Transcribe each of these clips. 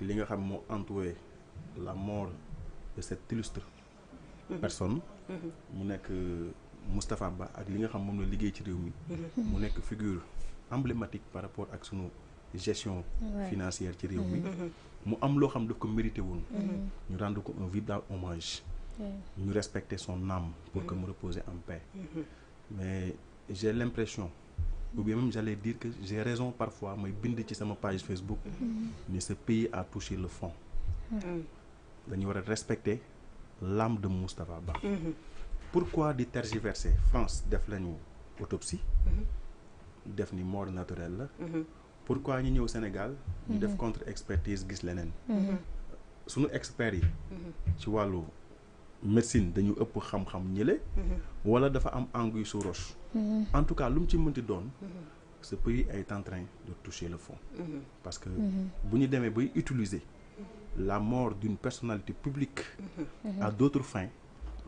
li nga xam moo entouré la mort de cette illustre mhm. personne mhm. mu nekk euh, Moustapha Ba ak li nga xam de la liggéey ci réew mi mhm. mu figure emblématique par rapport à sunu gestion financière ci réew mi mu am loo xam daf ko mérité woon ñu rendre ko un vibrant hommage ñu respecter son âme pour que mu reposer en paix mais j'ai l'impression ou bien même j'allais dire que j'ai raison parfois mais bind ci sama page Facebook mhm. mais ce pays a touché le fond dañu war respecter l'âme de Moustapha Ba mhm. pourquoi di tergiverser France def l'autopsie? autopsie mhm. def ni mort naturelle pourquoi ñu au Sénégal ñu def contre expertise gis Nous suñu experts yi ci médecine dañu ëpp xam-xam ñële. Mhm. wala dafa am anguille roche. Mhm. en tout cas lu mu ci mënti doon. Mhm. ce pays est en train de toucher le fond. parce que buñu démé demee bay utiliser la mort d'une personnalité publique. à d'autres fins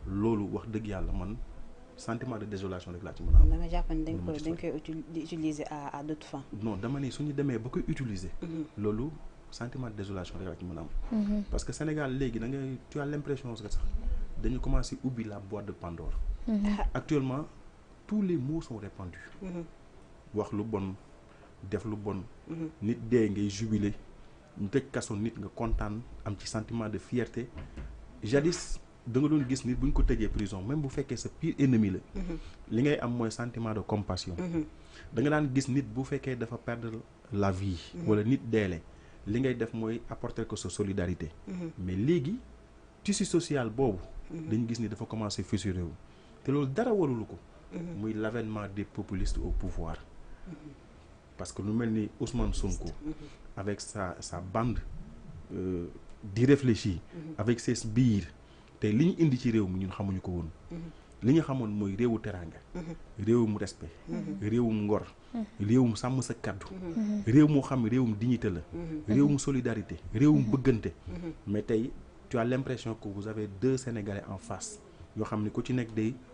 lolu wax dëgg yalla man sentiment de désolation rek la ci mëna am. dama jàpp ne dañ koy dañ koy utiliser à à d'autres fins. non dama né suñu démé ba koy utiliser. lolu sentiment de désolation rek la ci mëna am. parce que Sénégal légui da nga tu as l'impression que sax dañu commencé oublier la boîte de Pandore. Mhm. Ah. actuellement tous les mots sont répandus. Mhm. wax le bon def le bon. Mhm. nit dee ngay jubilé ñu tëj kaso nit nga kontaan sentiment de fierté jadis da nga doon gis nit bu ñu ko prison même bu fekkee sa pire ennemi Vous li ngay am sentiment de compassion. da nga daan gis nit bu fekkee perdre la vie. wala nit deele li ngay def Vous apporter ko sa solidarité. mais léegi tissu social Mhm. dañu gis ni dafa commencé fissuré wu te dara warulu mhm. muy l'avènement des populistes au pouvoir mhm. parce que nous menons Ousmane Sonko avec sa bande euh, d'irréfléchis avec ses biir te li ñu indi ci réew mi ñun xamuñu ko woon li ñu xamoon mooy réewu teraanga réewum respect réewum ngor réewum sàmm sa kàddu réew moo xam réewum dignité la réewum solidarité réewum bëggante mais tey tu as l'impression que vous avez deux Sénégalais en face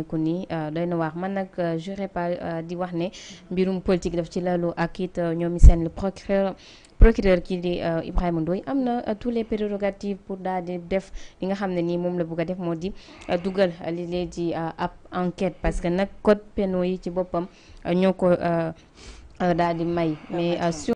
Je doyna wax man nak euh, pas euh, di wax ne mbirum politique daf ci lalu akit euh, le procureur procureur di Ibrahim tous les prérogatives pour def li nga ni la def enquête parce que nak code pénal yi ci may mais